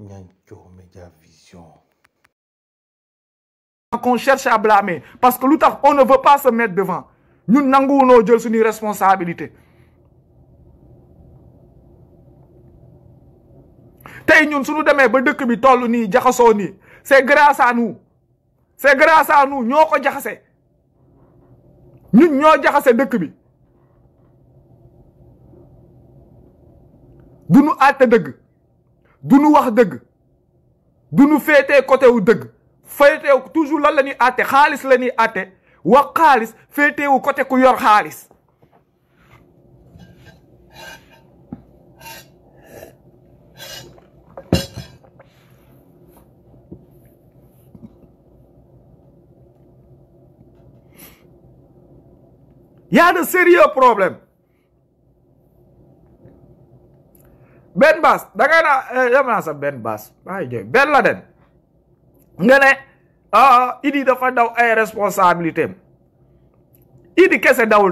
Nyancho Media Vision. Qu'on cherche à blâmer. Parce que l'autre, on ne veut pas se mettre devant. Nous n'avons pas de responsabilité. tey ñun suñu demee ba dëkk bi toll ni jaxasoo ni. c'est grâce à nous c'est grâce à nous ñoko ko ñun ñoo jaxase dëkk bi bu ñu àtte dëgg du wax dëgg du nu féetee côté wu dëgg féeteewu toujours lan la ñuy àtte xaalis la ñuy àtte wax xaalis féeteewu côté ku yor xaalis y a de sérieux problèmes bas da ngay na eh, dem sa Ben nga ne ah, ah, idi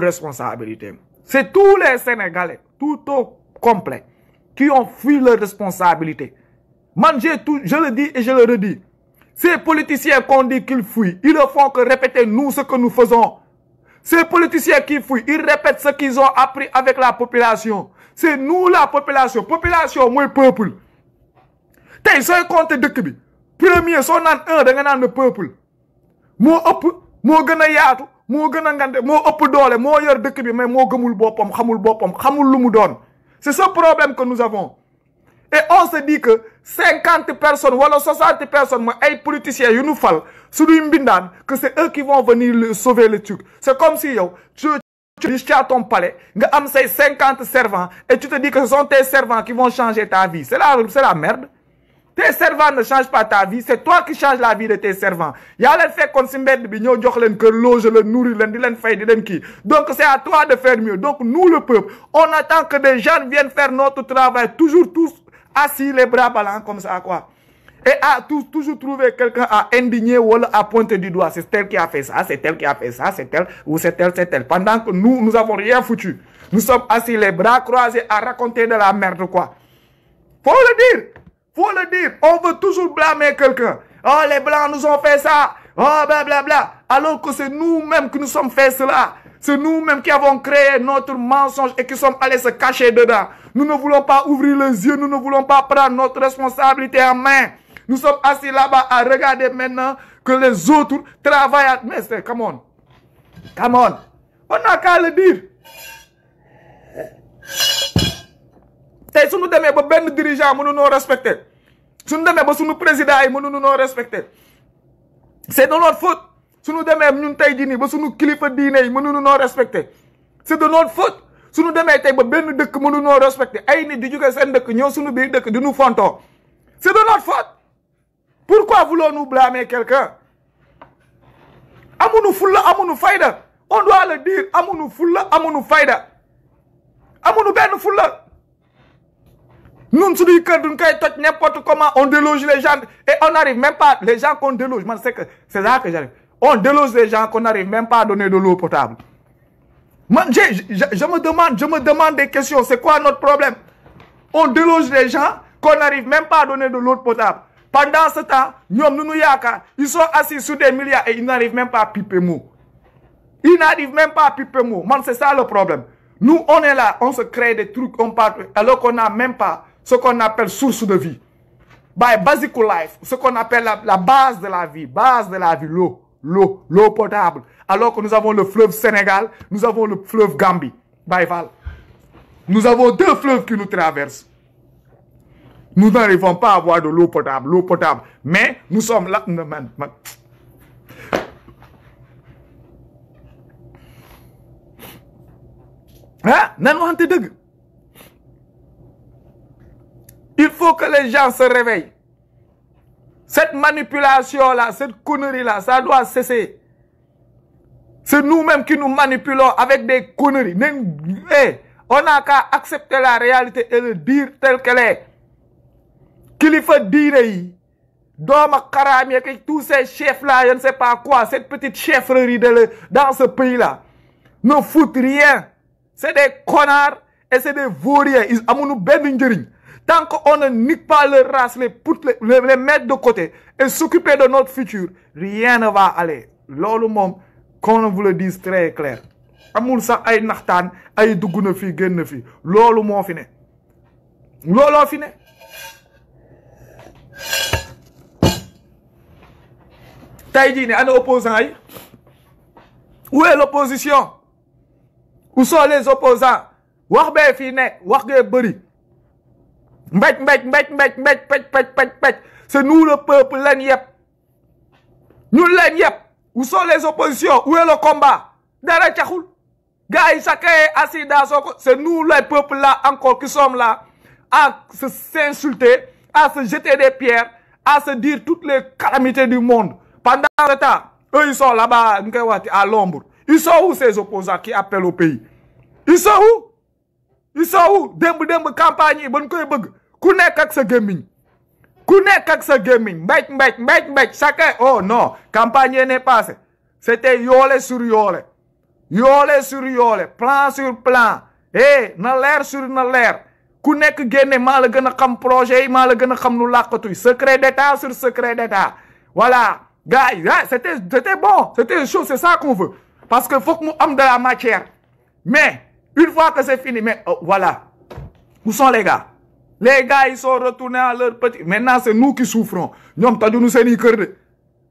responsabilité c'est tous les sénégalais tout au complet qui ont fui leur responsabilité manger tout je le dis et je le redis ces politiciens qu'on dit qu'ils fuient ils ne font que répéter nous ce que nous faisons ces politiciens qui fuient ils répètent ce qu'ils ont appris avec la population c'est nous la population population mooy peuple tey sooy compter dëkk bi premier soo naan un da nga naan le peuple moo ëpp moi gën a yaatu moo gën a ngande moo ëpp doole moo yor dëkk bi mais moo gëmul boppam xamul boppam xamul lu mu c'est ce problème que nous avons et on se dit que 50 personnes wala 60 personnes mooy ay politiciens yu nu fal suñuy mbindaan que c'est eux qui vont venir sauver le truc c'est comme si yow tu es à ton palais, tu as 50 servants et tu te dis que ce sont tes servants qui vont changer ta vie. C'est la, merde. Tes servants ne changent pas ta vie, c'est toi qui changes la vie de tes servants. il y si donc c'est à toi de faire mieux. Donc nous le peuple, on attend que des gens viennent faire notre travail toujours tous assis les bras ballants comme ça quoi et a toujours trouvé quelqu'un à indigner ou à pointer du doigt. C'est elle qui a fait ça, c'est elle qui a fait ça, c'est elle ou c'est elle, c'est elle. Pendant que nous, nous avons rien foutu. Nous sommes assis les bras croisés à raconter de la merde, quoi. Faut le dire. Faut le dire. On veut toujours blâmer quelqu'un. Oh, les blancs nous ont fait ça. Oh, blablabla. Alors que c'est nous-mêmes que nous sommes fait cela. C'est nous-mêmes qui avons créé notre mensonge et qui sommes allés se cacher dedans. Nous ne voulons pas ouvrir les yeux, nous ne voulons pas prendre notre responsabilité en main. Nous sommes assis là-bas à regarder maintenant que les autres travaillent. Mais c'est, come on. Come on. On n'a qu'à le dire. Si nous sommes ba nous dirigeant nous nous nous Si Nous ba suñu président yi nous nous pas, c'est de notre faute Si nous ñun tey jii nii nous suñu kilifa nous nous respecter. C'est de notre faute Si nous sommes ba gens qui nous nous respecté ay de notre faute voulons-nous blâmer quelqu'un Amounou Amounou On doit le dire. Amounou Amounou Amounou Ben Nous ne sommes pas n'importe comment, on déloge les gens et on n'arrive même pas, les gens qu'on déloge, c'est ça que j'arrive. On déloge les gens qu'on n'arrive même pas à donner de l'eau potable. je, je, me demande, je me demande des questions. C'est quoi notre problème On déloge les gens qu'on n'arrive même pas à donner de l'eau potable. Pendant ce temps, ils sont assis sur des milliards et ils n'arrivent même pas à piper mot. Ils n'arrivent même pas à piper mot. c'est ça le problème. Nous, on est là, on se crée des trucs, on parle, alors qu'on n'a même pas ce qu'on appelle source de vie. By basic life, ce qu'on appelle la, base de la vie, base de la vie, l'eau, l'eau, l'eau potable. Alors que nous avons le fleuve Sénégal, nous avons le fleuve Gambie, Nous avons deux fleuves qui nous traversent. Nous n'arrivons pas à avoir de l'eau potable, l'eau potable. Mais nous sommes là. Hein? Il faut que les gens se réveillent. Cette manipulation-là, cette connerie-là, ça doit cesser. C'est nous-mêmes qui nous manipulons avec des conneries. Eh, on n'a qu'à accepter la réalité et le dire telle qu'elle est kilifa diine ici, dire ma tous ces chefs là je ne sais pas quoi cette petite chefferie dans ce pays là ne foutent rien c'est des connards et c'est des vauriens ils amuñu benn tant qu'on ne nique pas leur race les mettre de côté et s'occuper de notre futur rien ne va aller Lolo moom qu'on vous le dise très clair Amoul sax ay naxtaan ay C'est ce fi je fi loolu C'est fi que je tey jii ne ana où est l'opposition où sont les opposants wax Finet, fii ne wax mec mec mec mec mbéj pète, mbéj pète. c'est nous le peuple leen nous Nous où sont les oppositions où est le combat dara caxul gars chacun assis dans c'est nous le peuple là encore qui sommes là à s'insulter à se jeter des pierres, à se dire toutes les calamités du monde. Pendant le temps, eux, ils sont là-bas, à l'ombre. Ils sont où ces opposants qui appellent au pays Ils sont où Ils sont où Demb, demb, campagne, bon quoi bëgg. Ku nek ak sa gemiñ. Ku nek ak sa gemiñ. Mbéj, Chacun. Oh non, campagne n'est pas C'était yole sur yole. Yole sur yole, Plan sur plan. Eh, hey, l'air sur na l'air ku nekk génne maa la gën a xam projet yi maa la gën a xam lu làqatuy secret d'état sur secret d'état voilà gars yi ah, c'était c'était bon c'était chaud c'est ça qu'on veut parce que faut que mu am de la matière mais une fois que c'est fini mais oh, voilà où sont les gars les gars ils sont retournés à leur petit maintenant c'est nous qui souffrons ñoom tajunu seen i kër de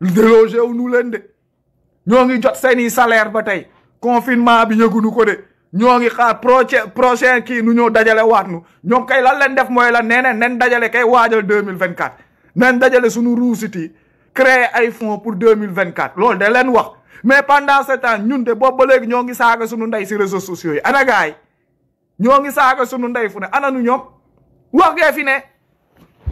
délogé wu nu leen de ñoo ngi jot seen i salaire ba tey confinement bi yëgunu ko de ñoo ngi xaar prochain kii nu ñoo dajale waat nu ñoom kay lan leen def mooy lan nee ne nen dajale kay waajal deux mille vingt quatre nen dajale suñu ruusiti créer ay fonds pour deux mille vingt quatre lool da leen wax mais pendant ce temps ñun de boobu ba léegi ñoo ngi saaga suñu ndey si réseaux sociaux yi ana gaay ñoo ngi saaga suñu ndey fu ne ana nu ñoom wax gee fi ne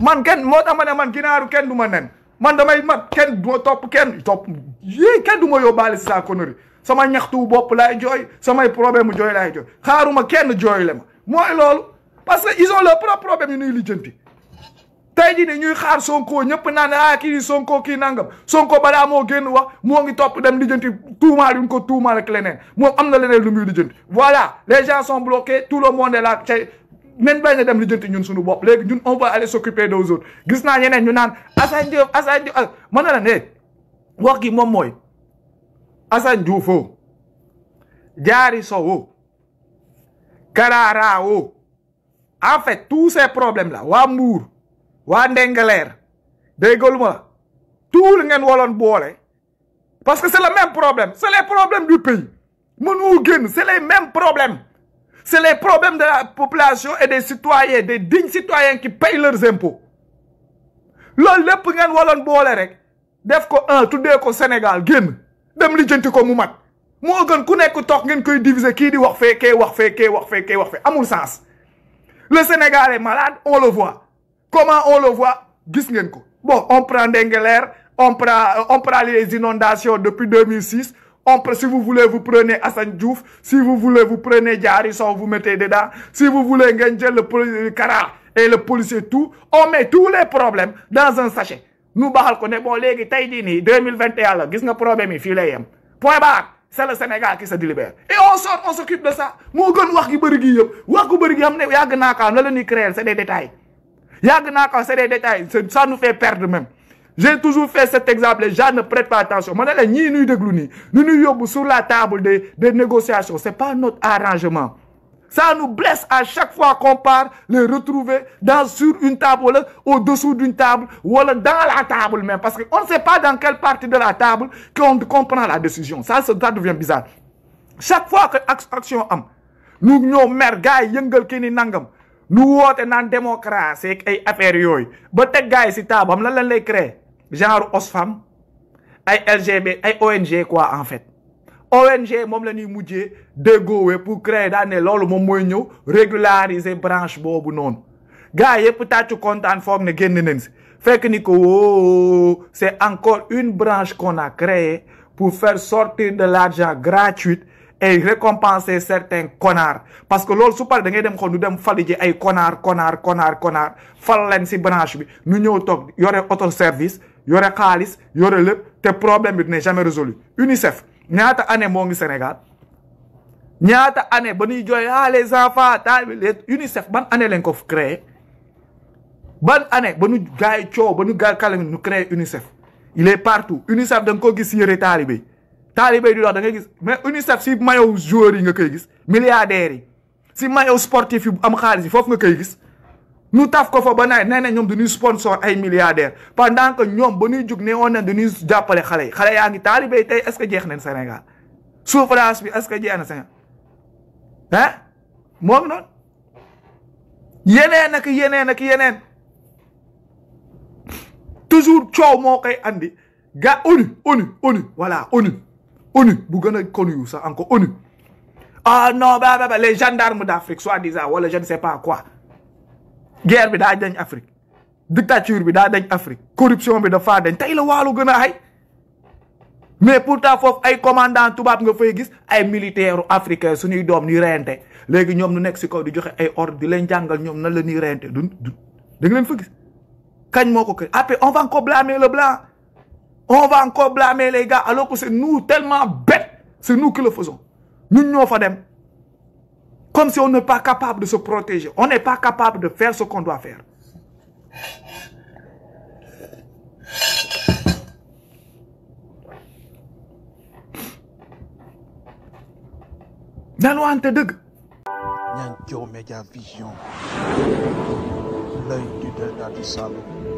man kenn moo tax ma ne man ginaaru kenn du ma nen man damay mat kenn du ma topp kenn topp yii kenn du ma yóbbaale si saa connerie sama ñaxtu bopp laay jooy samay problème jooy laay jooy ma kenn jooy le ma mooy loolu parce que ils ont leur propre problème yu ñuy lijjanti tey jii ne ñuy xaar Sonko ñëpp naan ah kii Sonko kii nangam ko balaa moo génn wax moo ngi topp dem lijjanti tuumaal yuñ ko tuumaal ak leneen moom am na leneen lu muy lijjanti voilà les gens sont bloqués tout le monde est là tey nen bañ na dem lijjanti ñun suñu bopp le ñun on va aller s'occuper des autres gis naa ñeneen ñu naan Assane Diouf Assane Diouf ah, mën na la ne eh, wax gi moom mooy Assane Diouf o Diary Sow o Karara o en fait tous ces problèmes là waa Mbour waa Ndengeleer déggalu ma tout ngeen woloon boole parce que c'est le même problème c'est les problèmes du pays mënul génn c'est les même problèmes c'est les problèmes de la population et des citoyens des dignes citoyens qui paient leurs impôts loolu lépp ngeen woloon boole rek def ko un tuddee ko Sénégal génn dem ko mu mat gën sens le Sénégal est malade on le voit comment on le voit bon on prend dengler, on prend euh, on prend les inondations depuis 2006 on prend si vous voulez vous prenez Assane Diouf si vous voulez vous prenez Diary vous mettez dedans si vous voulez ngeen le kara et le policier tout on met tous les problèmes dans un sachet nous bahal ko ne bon léegi tay di ni 2021 la gis nga problème yi fii lay yem point barre c'est le Sénégal qui se délibère et on sort on s'occupe de ça mo gën wax gi bëri gi yëpp wax gu bëri gi xam ne yàgg naa kaa la la créer c'est des détails yag na ka c'est est des détails ça nous fait perdre même j'ai toujours fait cet exemple les gens ne prêtent pas attention ma ne la ñii ñuy déglu nii ñu ñuy yóbbu sur la table des des négociations C'est pas notre arrangement ça nous blesse à chaque fois qu'on part, les retrouver dans, sur une table, au-dessous d'une table, ou dans la table même. Parce qu'on ne sait pas dans quelle partie de la table qu'on comprend la décision. Ça, ça devient bizarre. Chaque fois que action am, nous ñoo mer gaay yëngal kii nangam, nous, woote nan, démocratie et ay affaires yoy. ba teg gaay si table am lan genre osfam, ay LGB ay ONG quoi en fait. ONG moom la ñuy mujjee déggoowee pour créer daan loolu moom mooy ñëw régulariser branche boobu noonu gars yëpp tàccu kontaan foog ne génn nañ si fekk ni ko woo c'est encore une branche qu'on a créée pour faire sortir de l'argent gratuit e récompenser certains connards parce que loolu su paree da ngay dem xool nu dem fali ji ay connard connard connard connard fal leen si branche bi nu ñëw toog yore auto service yore xaalis yore lépp te problème bi ne n'est jamais résolu ñaata année moo ngi Sénégal ñaata année ba ñuy jooy ah les enfants taal bi les UNICEF ban année lañ ko fu créé ban année ba ñu gaay coow ba ñu gaay kàlla ñu créé UNICEF il est partout UNICEF da nga ko gis yëre taalibe taalibe di dox da ngay gis mais UNICEF si maillot joueur yi nga koy gis milliardaires yi si maillot sportif yu am xaalis foofu nga koy gis. Nous taf ko fa ba nawet nee na ñoom dañuy sponsor ay milliardaires pendant que ñoom ba ñuy jug ne woon na dañuy jàppale xale yi xale yaa ngi taalibe tey est ce que jeex nañ Sénégal souffrance bi est ce que jeex na Sénégal ah hein? moom noonu yeneen ak yeneen ak yeneen toujours coow moo koy andi ga ONU ONU ONU voilà ONU ONU bu gën connu ça encore ONU ah non ba ba les gendarmes d'Afrique soi disant wala je ne sais pas quoi guerre bi l'Afrique, Afrique dictature bi en dañ Afrique corruption bi fa dañ tay la walu mais pourtant fof ay commandant nga fay gis ay militaire africain suñuy doom ni renté légui ñom nu nekk ci kaw di joxe ay ordre di leen jangal ñom na la ni renté du leen gis kër on va encore blâmer le blanc on va encore blâmer les gars alors que c'est nous tellement bêtes c'est nous qui le faisons ñun ñoo fa dem comme si on n'est pas capable de se protéger. On n'est pas capable de faire ce qu'on doit faire. na pas. wante dëgg. Vision l'œil du delta du